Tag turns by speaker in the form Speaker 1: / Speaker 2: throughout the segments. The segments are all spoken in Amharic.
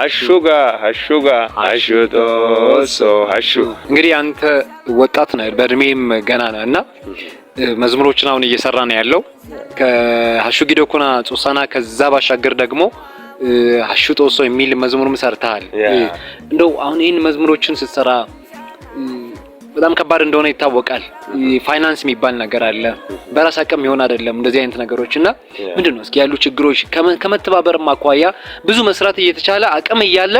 Speaker 1: ሀሹጋ ሀሹጋ ሀሹቶሶ ሀሹ
Speaker 2: እንግዲህ አንተ ወጣት ነህ፣ በእድሜም ገና ነህ እና መዝሙሮችን አሁን እየሰራ ነው ያለው ከሀሹ ጊዶኩና ጾሳና ከዛ ባሻገር ደግሞ ሀሹ ጦሶ የሚል መዝሙርም ሰርተሃል። እንደው አሁን ይህን መዝሙሮችን ስትሰራ በጣም ከባድ እንደሆነ ይታወቃል። ፋይናንስ የሚባል ነገር አለ። በራስ አቅም ይሆን አይደለም እንደዚህ አይነት ነገሮች እና ምንድን ነው እስኪ ያሉ ችግሮች ከመተባበር አኳያ ብዙ መስራት እየተቻለ አቅም እያለ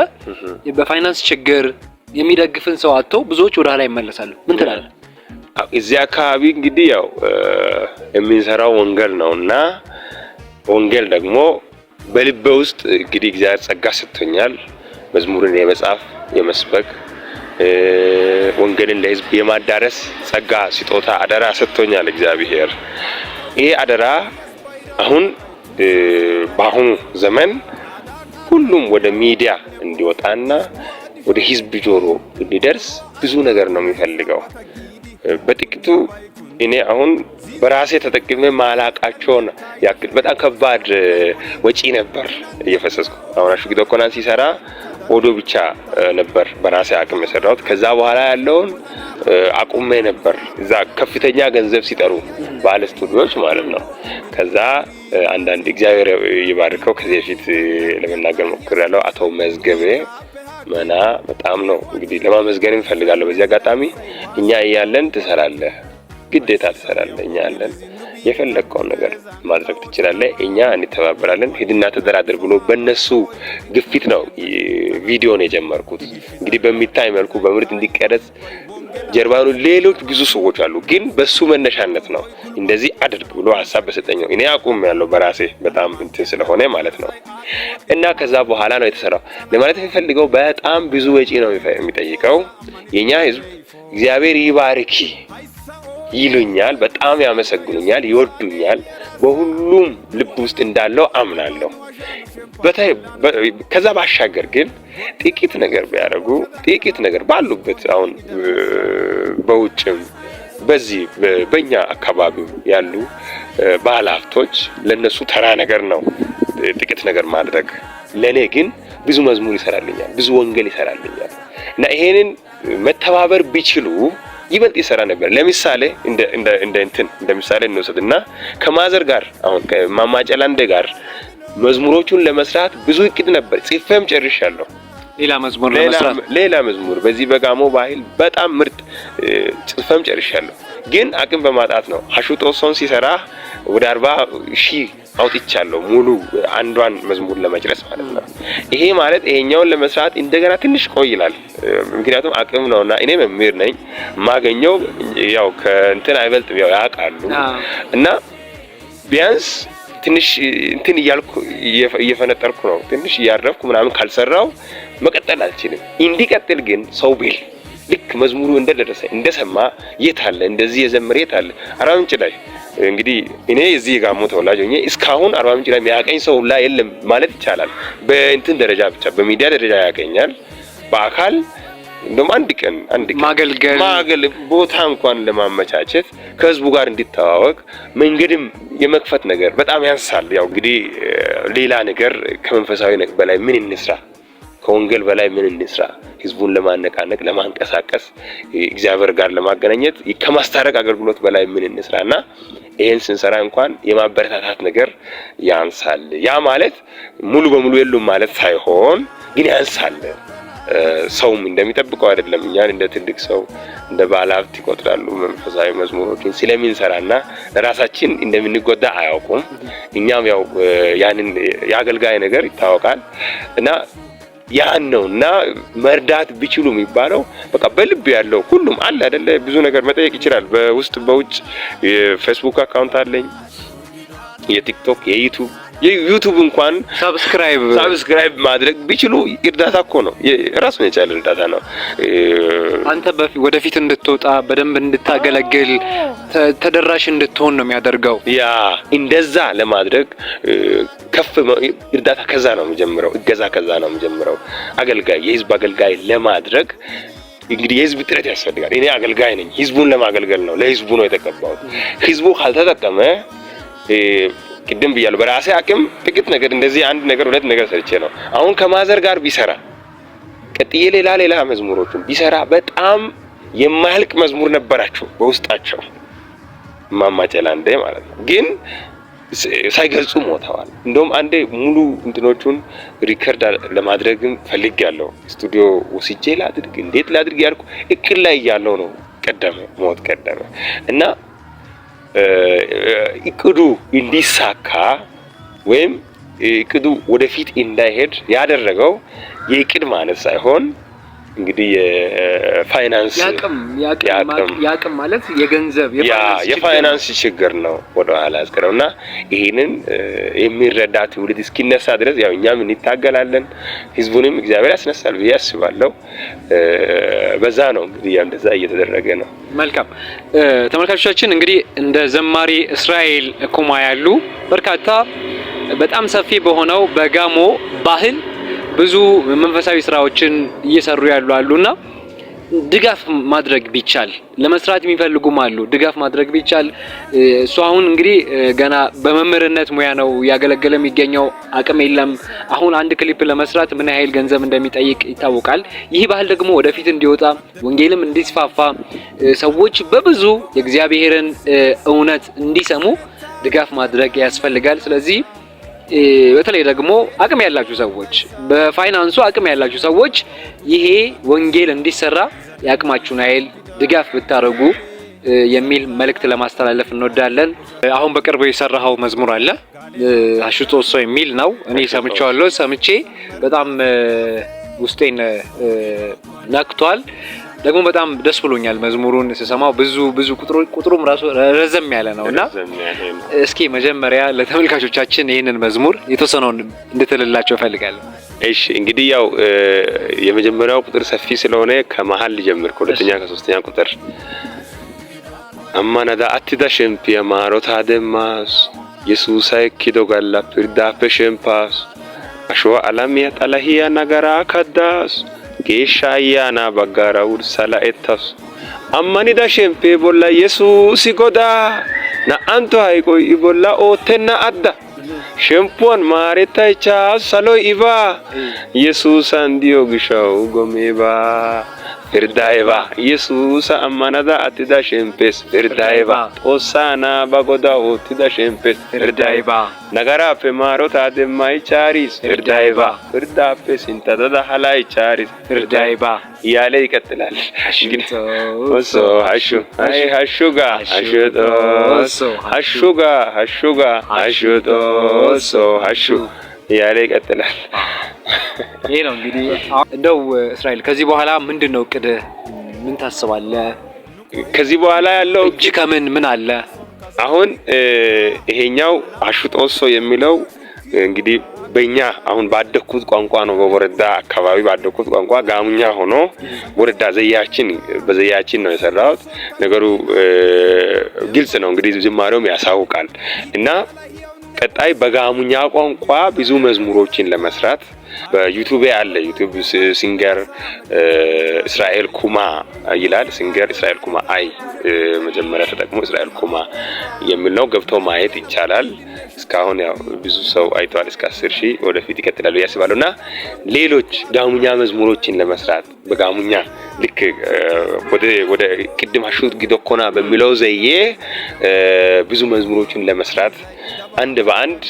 Speaker 2: በፋይናንስ ችግር የሚደግፍን ሰው አጥቶ ብዙዎች ወደ ኋላ ይመለሳሉ። ምን ትላለህ?
Speaker 1: እዚህ አካባቢ እንግዲህ ያው የምንሰራው ወንጌል ነው እና ወንጌል ደግሞ በልቤ ውስጥ እንግዲህ እግዚአብሔር ጸጋ ሰጥቶኛል መዝሙርን የመጻፍ የመስበክ ወንጌልን ለህዝብ የማዳረስ ጸጋ ስጦታ አደራ ሰጥቶኛል እግዚአብሔር። ይህ አደራ አሁን በአሁኑ ዘመን ሁሉም ወደ ሚዲያ እንዲወጣና ወደ ህዝብ ጆሮ እንዲደርስ ብዙ ነገር ነው የሚፈልገው። በጥቂቱ እኔ አሁን በራሴ ተጠቅሜ ማላቃቸውን ያክል በጣም ከባድ ወጪ ነበር እየፈሰስኩ አሁን አሹ ሲሰራ ሆዶ ብቻ ነበር በራሴ አቅም የሰራሁት። ከዛ በኋላ ያለውን አቁሜ ነበር እዛ ከፍተኛ ገንዘብ ሲጠሩ ባለ ስቱዲዮች ማለት ነው። ከዛ አንዳንድ እግዚአብሔር ይባርከው ከዚህ በፊት ለመናገር ሞክር ያለው አቶ መዝገቤ መና በጣም ነው እንግዲህ ለማመዝገን እንፈልጋለሁ በዚህ አጋጣሚ። እኛ እያለን ትሰራለህ፣ ግዴታ ትሰራለህ፣ እኛ ያለን የፈለግከውን ነገር ማድረግ ትችላለህ፣ እኛ እንተባበራለን፣ ሂድና ተደራደር ብሎ በነሱ ግፊት ነው ቪዲዮን የጀመርኩት። እንግዲህ በሚታይ መልኩ በምርት እንዲቀረጽ ጀርባኑ ሌሎች ብዙ ሰዎች አሉ፣ ግን በሱ መነሻነት ነው እንደዚህ አድርግ ብሎ ሀሳብ በሰጠኝ ነው እኔ አቁም ያለው በራሴ በጣም እንትን ስለሆነ ማለት ነው። እና ከዛ በኋላ ነው የተሰራው ለማለት የሚፈልገው በጣም ብዙ ወጪ ነው የሚጠይቀው የኛ ህዝብ እግዚአብሔር ይባርኪ ይሉኛል፣ በጣም ያመሰግኑኛል፣ ይወዱኛል። በሁሉም ልብ ውስጥ እንዳለው አምናለሁ። ከዛ ባሻገር ግን ጥቂት ነገር ቢያደርጉ ጥቂት ነገር ባሉበት አሁን በውጭም በዚህ በእኛ አካባቢ ያሉ ባለሀብቶች ለእነሱ ተራ ነገር ነው ጥቂት ነገር ማድረግ። ለእኔ ግን ብዙ መዝሙር ይሰራልኛል፣ ብዙ ወንጌል ይሰራልኛል እና ይሄንን መተባበር ቢችሉ ይበልጥ ይሰራ ነበር። ለምሳሌ እንደ እንደ እንትን እንደ ምሳሌ እንውሰድ እና ከማዘር ጋር አሁን ከማማጨላንዴ ጋር መዝሙሮቹን ለመስራት ብዙ እቅድ ነበር፣ ጽፌም ጨርሻለሁ። ሌላ መዝሙር ለመስራት ሌላ መዝሙር በዚህ በጋሞ ባህል በጣም ምርጥ ጽፈም ጨርሻለሁ፣ ግን አቅም በማጣት ነው። አሹጦ ሶን ሲሰራ ወደ 40 ሺህ አውጥቻለሁ ሙሉ አንዷን መዝሙር ለመጨረስ ማለት ነው። ይሄ ማለት ይሄኛውን ለመስራት እንደገና ትንሽ ቆይ ይላል። ምክንያቱም አቅም ነውና እኔ መምህር ነኝ ማገኘው ያው ከእንትን አይበልጥም ያው ያውቃሉ እና ቢያንስ ትንሽ እንትን እያልኩ እየፈነጠርኩ ነው ትንሽ እያረፍኩ ምናምን ካልሰራው መቀጠል አልችልም። እንዲቀጥል ግን ሰው ቢል ልክ መዝሙሩ እንደደረሰ እንደሰማ የት አለ እንደዚህ የዘመረ የት አለ አራምንጭ ላይ እንግዲህ እኔ እዚህ የጋሞ ተወላጅ ሆኜ እስካሁን አርባ ምንጭ ላይ የሚያቀኝ ሰው ሁላ የለም ማለት ይቻላል። በእንትን ደረጃ ብቻ በሚዲያ ደረጃ ያገኛል። በአካል እንደውም አንድ ቀን አንድ ቀን ማገልገል ማገል ቦታ እንኳን ለማመቻቸት ከህዝቡ ጋር እንዲተዋወቅ መንገድም የመክፈት ነገር በጣም ያንሳል። ያው እንግዲህ ሌላ ነገር ከመንፈሳዊ በላይ ምን እንስራ ከወንጌል በላይ ምን እንስራ? ህዝቡን ለማነቃነቅ ለማንቀሳቀስ፣ እግዚአብሔር ጋር ለማገናኘት ከማስታረቅ አገልግሎት በላይ ምን እንስራ እና ይሄን ስንሰራ እንኳን የማበረታታት ነገር ያንሳል። ያ ማለት ሙሉ በሙሉ የሉም ማለት ሳይሆን ግን ያንሳል። ሰውም እንደሚጠብቀው አይደለም። እኛን እንደ ትልቅ ሰው እንደ ባለሀብት ይቆጥራሉ። መንፈሳዊ መዝሙሮችን ስለምንሰራና ራሳችን እንደምንጎዳ አያውቁም። እኛም ያው ያንን የአገልጋይ ነገር ይታወቃል እና ያን ነው እና መርዳት ቢችሉ የሚባለው በቃ በልብ ያለው ሁሉም አለ አይደለ። ብዙ ነገር መጠየቅ ይችላል። በውስጥ በውጭ የፌስቡክ አካውንት አለኝ፣ የቲክቶክ የዩቱብ የዩቱብ እንኳን
Speaker 2: ሰብስክራይብ
Speaker 1: ሰብስክራይብ ማድረግ ቢችሉ እርዳታ እኮ ነው። ራሱን የቻለ እርዳታ ነው።
Speaker 2: አንተ ወደፊት እንድትወጣ በደንብ እንድታገለግል ተደራሽ እንድትሆን ነው የሚያደርገው።
Speaker 1: ያ እንደዛ ለማድረግ ከፍ እርዳታ ከዛ ነው የሚጀምረው። እገዛ ከዛ ነው የሚጀምረው። አገልጋይ የህዝብ አገልጋይ ለማድረግ እንግዲህ የህዝብ ጥረት ያስፈልጋል። እኔ አገልጋይ ነኝ። ህዝቡን ለማገልገል ነው። ለህዝቡ ነው የተቀባው። ህዝቡ ካልተጠቀመ ቅድም ብያለሁ። በራሴ አቅም ጥቂት ነገር እንደዚህ አንድ ነገር ሁለት ነገር ሰርቼ ነው። አሁን ከማዘር ጋር ቢሰራ ቀጥዬ ሌላ ሌላ መዝሙሮቹን ቢሰራ በጣም የማያልቅ መዝሙር ነበራቸው በውስጣቸው ማማጨላ ጨላንዴ ማለት ነው። ግን ሳይገልጹ ሞተዋል። እንደውም አንዴ ሙሉ እንትኖቹን ሪከርድ ለማድረግም ፈልግ ያለው ስቱዲዮ ወስጄ ላድርግ እንዴት ላድርግ ያልኩ እቅድ ላይ እያለው ነው ቀደመ ሞት ቀደመ እና እቅዱ እንዲሳካ ወይም እቅዱ ወደፊት እንዳይሄድ ያደረገው የእቅድ ማነት ሳይሆን እንግዲህ የፋይናንስ
Speaker 2: የአቅም ማለት የገንዘብ
Speaker 1: የፋይናንስ ችግር ነው፣ ወደኋላ ያስቀረው እና ይህንን የሚረዳ ትውልድ እስኪነሳ ድረስ ያው እኛም እንታገላለን፣ ህዝቡንም እግዚአብሔር ያስነሳል ብዬ አስባለሁ። በዛ ነው እንግዲህ ያው እንደዛ እየተደረገ ነው።
Speaker 2: መልካም ተመልካቾቻችን፣ እንግዲህ እንደ ዘማሪ እስራኤል ኩማ ያሉ በርካታ በጣም ሰፊ በሆነው በጋሞ ባህል ብዙ መንፈሳዊ ስራዎችን እየሰሩ ያሉ አሉና ድጋፍ ማድረግ ቢቻል ለመስራት የሚፈልጉም አሉ። ድጋፍ ማድረግ ቢቻል እሱ አሁን እንግዲህ ገና በመምህርነት ሙያ ነው እያገለገለ የሚገኘው። አቅም የለም። አሁን አንድ ክሊፕ ለመስራት ምን ያህል ገንዘብ እንደሚጠይቅ ይታወቃል። ይህ ባህል ደግሞ ወደፊት እንዲወጣ ወንጌልም እንዲስፋፋ ሰዎች በብዙ የእግዚአብሔርን እውነት እንዲሰሙ ድጋፍ ማድረግ ያስፈልጋል። ስለዚህ በተለይ ደግሞ አቅም ያላችሁ ሰዎች በፋይናንሱ አቅም ያላችሁ ሰዎች ይሄ ወንጌል እንዲሰራ የአቅማችሁን ኃይል ድጋፍ ብታደርጉ የሚል መልእክት ለማስተላለፍ እንወዳለን። አሁን በቅርቡ የሰራኸው መዝሙር አለ አሽጦ ሰው የሚል ነው። እኔ ሰምቼዋለሁ። ሰምቼ በጣም ውስጤን ነክቷል። ደግሞ በጣም ደስ ብሎኛል መዝሙሩን ስሰማው። ብዙ ብዙ ቁጥሩም ራሱ ረዘም ያለ ነው እና እስኪ መጀመሪያ ለተመልካቾቻችን ይህንን መዝሙር የተወሰነውን እንድትልላቸው ይፈልጋል
Speaker 1: እሺ እንግዲህ ያው የመጀመሪያው ቁጥር ሰፊ ስለሆነ ከመሀል ልጀምር፣ ከሁለተኛ ከሶስተኛ ቁጥር አማናዳ አትዳ da የማሮታ ደማስ የሱሳይ ኪዶ ጋላ yesuusa ekkido አሸዋ አላሚያ shemppaas ነገራ ከዳስ Geeshsha Ayyaanaa baggaara sala'ettasu. Ammanida shemppee bolla Yesuusi Godaa naa"antto hayqoy I bolla oottenna adda. Shemppuwan maarettaychcha saloy ibaa. Yesuusan diyo gishshawu gomee baa. Firdaeva. Yesuusa ammanada attida shempes. Firdaeva. Xoossaa naaba godaa oottida shempes. Firdaeva. Nagaraappe maarotaa demmay chaaris. Firdaeva. Firdaappe sintadada halay chaaris. Firdaeva. እያለ ይቀጥላል። ሶ ሀሹ ሀሹጋ ሀሹጦ ሀሹጋ ሀሹጋ ሀሹጦ ሶ ሀሹ እያለ ይቀጥላል።
Speaker 2: ይሄ ነው እንግዲህ። እንደው እስራኤል ከዚህ በኋላ ምንድን ነው እቅድ? ምን ታስባለ
Speaker 1: ከዚህ በኋላ ያለው
Speaker 2: እጅ ከምን ምን አለ?
Speaker 1: አሁን ይሄኛው አሹጦሶ የሚለው እንግዲህ በኛ አሁን ባደኩት ቋንቋ ነው። በወረዳ አካባቢ ባደኩት ቋንቋ ጋሙኛ ሆኖ ወረዳ ዘያችን በዘያችን ነው የሰራሁት። ነገሩ ግልጽ ነው እንግዲህ ዝማሬውም ያሳውቃል እና ቀጣይ በጋሙኛ ቋንቋ ብዙ መዝሙሮችን ለመስራት በዩቱቤ አለ። ዩቱብ ሲንገር እስራኤል ኩማ ይላል። ሲንገር እስራኤል ኩማ አይ መጀመሪያ ተጠቅሞ እስራኤል ኩማ የሚል ነው ገብቶ ማየት ይቻላል። እስካሁን ያው ብዙ ሰው አይተዋል። እስከ አስር ሺህ ወደፊት ይቀጥላሉ ያስባሉና እና ሌሎች ጋሙኛ መዝሙሮችን ለመስራት በጋሙኛ ልክ ወደ ቅድም አሹት ግዶኮና በሚለው ዘዬ ብዙ መዝሙሮችን ለመስራት አንድ በአንድ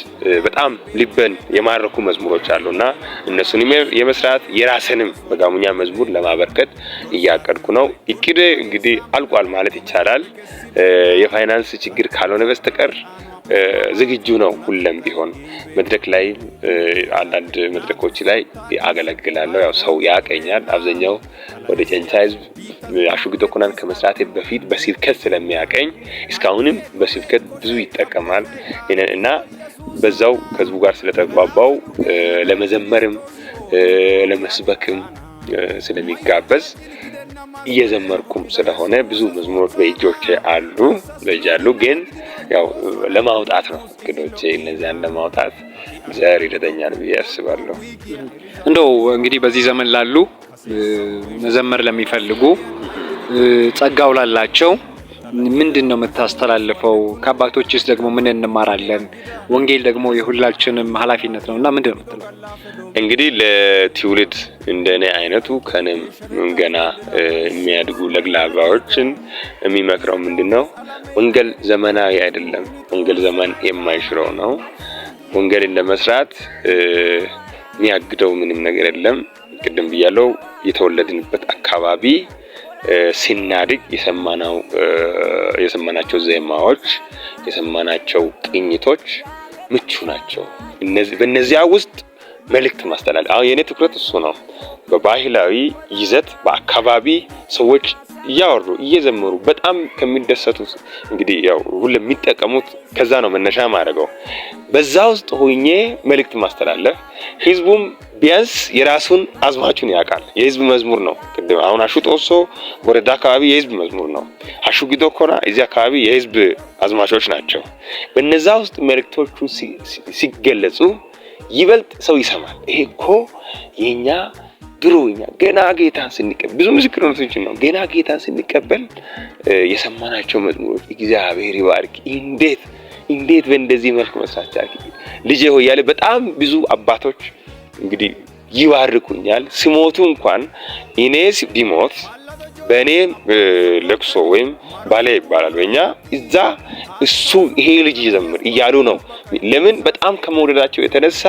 Speaker 1: በጣም ልበን የማረኩ መዝሙሮች አሉና እነሱን የመስራት የራስንም በጋሙኛ መዝሙር ለማበርከት እያቀድኩ ነው። እቅድ እንግዲህ አልቋል ማለት ይቻላል የፋይናንስ ችግር ካልሆነ በስተቀር ዝግጁ ነው። ሁለም ቢሆን መድረክ ላይ አንዳንድ መድረኮች ላይ አገለግላለሁ። ያው ሰው ያቀኛል። አብዛኛው ወደ ጨንቻ ህዝብ አሹግቶ ኩናን ከመስራቴ በፊት በስብከት ስለሚያቀኝ እስካሁንም በስብከት ብዙ ይጠቀማል እና በዛው ከህዝቡ ጋር ስለተግባባው ለመዘመርም ለመስበክም ስለሚጋበዝ እየዘመርኩም ስለሆነ ብዙ መዝሙሮች በእጆቼ አሉ አሉ ግን ያው ለማውጣት ነው እቅዶቼ እነዚያን ለማውጣት እግዚአብሔር ይረዳኛል ብዬ አስባለሁ።
Speaker 2: እንደው እንግዲህ በዚህ ዘመን ላሉ መዘመር ለሚፈልጉ ጸጋው ላላቸው ምንድን ነው የምታስተላልፈው? ከአባቶችስ ደግሞ ምን እንማራለን? ወንጌል ደግሞ የሁላችንም ኃላፊነት ነው እና ምንድን ነው የምትለው?
Speaker 1: እንግዲህ ለትውልድ እንደኔ አይነቱ ከንም ገና የሚያድጉ ለግላባዎችን የሚመክረው ምንድን ነው? ወንጌል ዘመናዊ አይደለም። ወንጌል ዘመን የማይሽረው ነው። ወንጌልን ለመስራት የሚያግደው ምንም ነገር የለም። ቅድም ብያለው የተወለድንበት አካባቢ ሲናድግ የሰማናው የሰማናቸው ዜማዎች የሰማናቸው ቅኝቶች ምቹ ናቸው። በእነዚያ ውስጥ መልእክት ማስተላለፍ አሁን የእኔ ትኩረት እሱ ነው። በባህላዊ ይዘት በአካባቢ ሰዎች እያወሩ እየዘመሩ በጣም ከሚደሰቱት እንግዲህ ያው ሁሉ የሚጠቀሙት ከዛ ነው መነሻ ማድረገው በዛ ውስጥ ሁኜ መልእክት ማስተላለፍ ህዝቡም ቢያንስ የራሱን አዝማቹን ያውቃል። የህዝብ መዝሙር ነው። ቅድም አሁን አሹ ጦሶ ወረዳ አካባቢ የህዝብ መዝሙር ነው። አሹ ጊዶ ኮና እዚህ አካባቢ የህዝብ አዝማቾች ናቸው። በነዛ ውስጥ መልእክቶቹ ሲገለጹ ይበልጥ ሰው ይሰማል። ይሄ እኮ የኛ ድሮ እኛ ገና ጌታን ስንቀበል ብዙ ምስክርነቶችን ነው። ገና ጌታን ስንቀበል የሰማናቸው መዝሙሮች እግዚአብሔር ይባርክ እንዴት እንዴት በእንደዚህ መልክ መስራት ልጄ ሆይ ያለ በጣም ብዙ አባቶች እንግዲህ ይባርኩኛል። ሲሞቱ እንኳን ኢኔስ ቢሞት በእኔ ለቅሶ ወይም ባለ ይባላል በእኛ እዛ እሱ ይሄ ልጅ ይዘምር እያሉ ነው። ለምን በጣም ከመውደዳቸው የተነሳ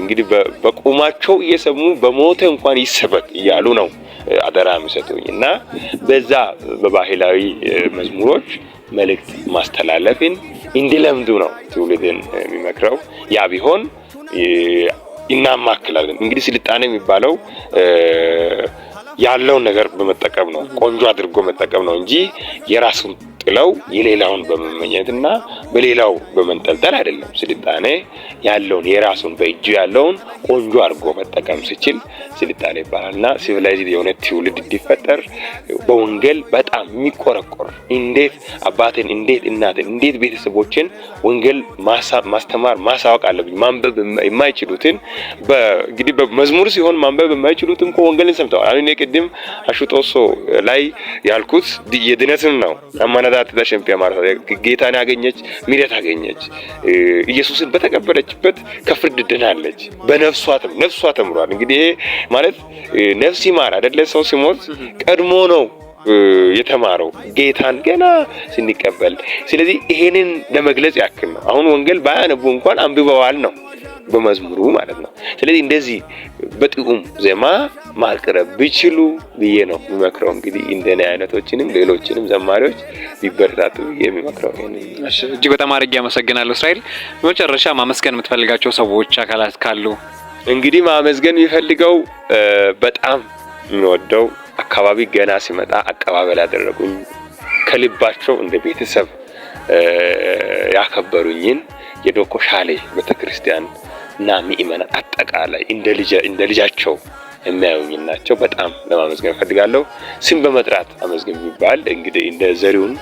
Speaker 1: እንግዲህ በቁማቸው እየሰሙ በሞተ እንኳን ይሰበክ እያሉ ነው አደራ የሚሰጡኝ እና በዛ በባህላዊ መዝሙሮች መልእክት ማስተላለፍን እንዲለምዱ ነው ትውልድን የሚመክረው ያ ቢሆን እናማክላለን። እንግዲህ ስልጣኔ የሚባለው ያለውን ነገር በመጠቀም ነው፣ ቆንጆ አድርጎ መጠቀም ነው እንጂ የራሱን ጥለው የሌላውን በመመኘትና በሌላው በመንጠልጠል አይደለም። ስልጣኔ ያለውን የራሱን በእጁ ያለውን ቆንጆ አድርጎ መጠቀም ሲችል ስልጣኔ ይባላልና ሲቪላይዝድ የሆነ ትውልድ እንዲፈጠር በወንጌል በጣም የሚቆረቆር እንዴት አባትን፣ እንዴት እናትን፣ እንዴት ቤተሰቦችን ወንጌል ማስተማር ማሳወቅ አለብኝ። ማንበብ የማይችሉትን እንግዲህ በመዝሙር ሲሆን ማንበብ የማይችሉትም እኮ ወንጌልን ሰምተዋል። አሁን ቅድም አሹጦሶ ላይ ያልኩት የድነትን ነው አማና ከመዓዛት ተሸንፊያ ማለት ጌታን ያገኘች ምሕረት አገኘች። ኢየሱስን በተቀበለችበት ከፍርድ ድናለች። በነፍሷ ነፍሷ ተምሯል። እንግዲህ ማለት ነፍስ ይማር አይደለ? ሰው ሲሞት ቀድሞ ነው የተማረው ጌታን ገና ስንቀበል። ስለዚህ ይሄንን ለመግለጽ ያክል ነው። አሁን ወንጌል ባያነቡ እንኳን አንብበዋል ነው በመዝሙሩ ማለት ነው። ስለዚህ እንደዚህ በጥዑም ዜማ ማቅረብ ቢችሉ ብዬ ነው የሚመክረው። እንግዲህ እንደኔ አይነቶችንም ሌሎችንም ዘማሪዎች ቢበረታቱ ብዬ የሚመክረው።
Speaker 2: እጅግ በጣም አድርጌ አመሰግናለሁ እስራኤል። በመጨረሻ ማመስገን የምትፈልጋቸው ሰዎች፣ አካላት ካሉ?
Speaker 1: እንግዲህ ማመስገን የሚፈልገው በጣም የሚወደው አካባቢ ገና ሲመጣ አቀባበል ያደረጉኝ ከልባቸው እንደ ቤተሰብ ያከበሩኝን የዶኮ ሻሌ ቤተክርስቲያን እና ምእመናን አጠቃላይ እንደ ልጃቸው የሚያዩኝ ናቸው። በጣም ለማመስገን እፈልጋለሁ። ስም በመጥራት አመዝገብ የሚባል እንግዲህ እንደ ዘሪሁን፣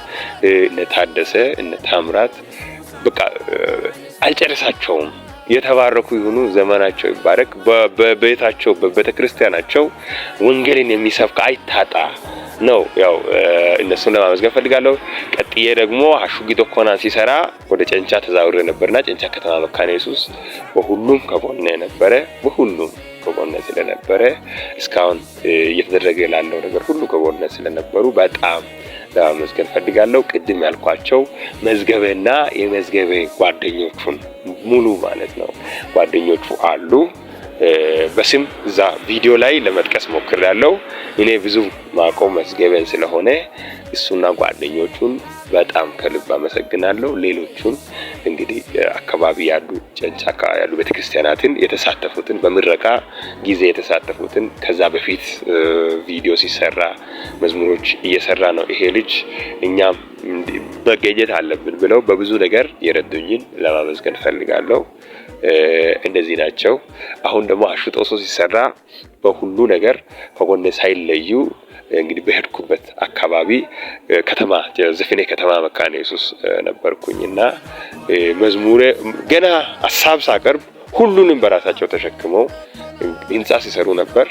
Speaker 1: እነ ታደሰ፣ እነ ታምራት በቃ አልጨረሳቸውም። የተባረኩ ይሁኑ፣ ዘመናቸው ይባረክ። በቤታቸው በቤተ ክርስቲያናቸው ወንጌልን የሚሰብክ አይታጣ ነው። ያው እነሱን ለማመስገን ፈልጋለሁ። ቀጥዬ ደግሞ አሹጊቶ ኮናን ሲሰራ ወደ ጨንቻ ተዛውሬ ነበርና ጨንቻ ከተማ መካነ ኢየሱስ በሁሉም ከጎነ ነበረ። በሁሉም ከጎነ ስለነበረ እስካሁን እየተደረገ ላለው ነገር ሁሉ ከጎነ ስለነበሩ በጣም ለማመስገን ፈልጋለሁ። ቅድም ያልኳቸው መዝገበና የመዝገበ ጓደኞቹን ሙሉ ማለት ነው ጓደኞቹ አሉ። በስም እዛ ቪዲዮ ላይ ለመጥቀስ ሞክር ያለው እኔ ብዙ ማቆም መዝገበን ስለሆነ እሱና ጓደኞቹን በጣም ከልብ አመሰግናለሁ። ሌሎቹን እንግዲህ አካባቢ ያሉ ጨንጫካ ያሉ ቤተክርስቲያናትን የተሳተፉትን በምረቃ ጊዜ የተሳተፉትን ከዛ በፊት ቪዲዮ ሲሰራ መዝሙሮች እየሰራ ነው ይሄ ልጅ እኛም መገኘት አለብን ብለው በብዙ ነገር የረዱኝን ለማመስገን ፈልጋለሁ። እነዚህ ናቸው። አሁን ደግሞ አሹ ሲሰራ በሁሉ ነገር ከጎን ሳይለዩ እንግዲህ በሄድኩበት አካባቢ ከተማ ዘፊኔ ከተማ መካነ ኢየሱስ ነበርኩኝ እና መዝሙሬ ገና ሀሳብ ሳቀርብ ሁሉንም በራሳቸው ተሸክመው ህንፃ ሲሰሩ ነበር።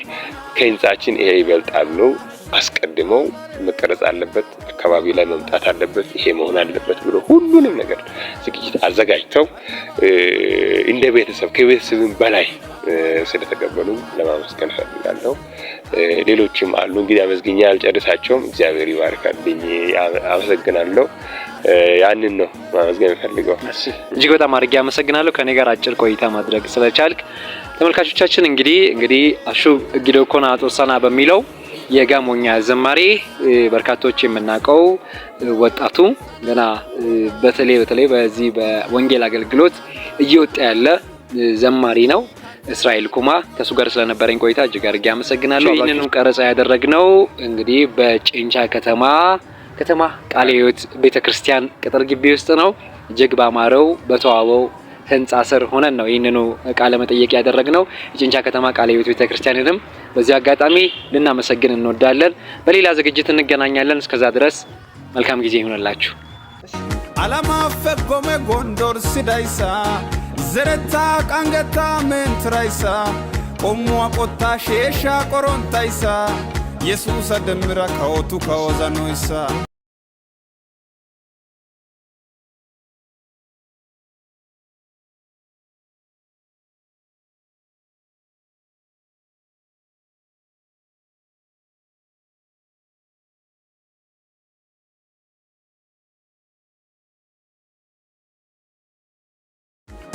Speaker 1: ከህንፃችን ይሄ ይበልጣል ነው አስቀድመው መቀረጽ አለበት፣ አካባቢ ላይ መምጣት አለበት፣ ይሄ መሆን አለበት ብሎ ሁሉንም ነገር ዝግጅት አዘጋጅተው እንደ ቤተሰብ ከቤተሰብም በላይ ስለተቀበሉ ለማመስገን ፈልጋለሁ። ሌሎችም አሉ እንግዲህ አመስግኛ ያልጨርሳቸውም። እግዚአብሔር ይባርካልኝ፣ አመሰግናለሁ። ያንን ነው ማመስገን የምፈልገው።
Speaker 2: እጅግ በጣም አድርጌ አመሰግናለሁ ከኔ ጋር አጭር ቆይታ ማድረግ ስለቻልክ። ተመልካቾቻችን እንግዲህ እንግዲህ አሹ ጊዶኮና ጦሰና በሚለው የጋሞኛ ዝማሬ በርካቶች የምናውቀው ወጣቱ ገና በተለይ በተለይ በዚህ በወንጌል አገልግሎት እየወጣ ያለ ዘማሪ ነው። እስራኤል ኩማ ከእሱ ጋር ስለነበረኝ ቆይታ እጅግ አድርጌ አመሰግናለሁ። ይህንኑ ቀረጻ ያደረግነው እንግዲህ በጭንቻ ከተማ ከተማ ቃለ ሕይወት ቤተክርስቲያን ቅጥር ግቢ ውስጥ ነው። እጅግ ባማረው በተዋበው ህንፃ ስር ሆነን ነው ይህንኑ ቃለ መጠየቅ ያደረግነው። የጭንቻ ከተማ ቃለ ሕይወት ቤተክርስቲያንንም በዚህ አጋጣሚ ልናመሰግን እንወዳለን። በሌላ ዝግጅት እንገናኛለን። እስከዛ ድረስ መልካም ጊዜ ይሆንላችሁ። አላማፈጎመ ጎንዶር ሲዳይሳ ዘረታ ቃንገታ ምንትራይሳ ቆሙዋ ቆታ ሼሻ ቆሮንታይሳ የሱሰ ደምራ ከወቱ ከወዛኖይሳ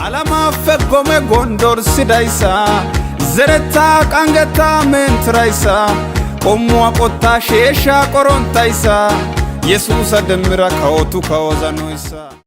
Speaker 2: alama fekko me gondorsidaysa zeretta qangetta mentraysa qommuwa qotta sheesha qorontaysa yesuusa demmira kawotu isa.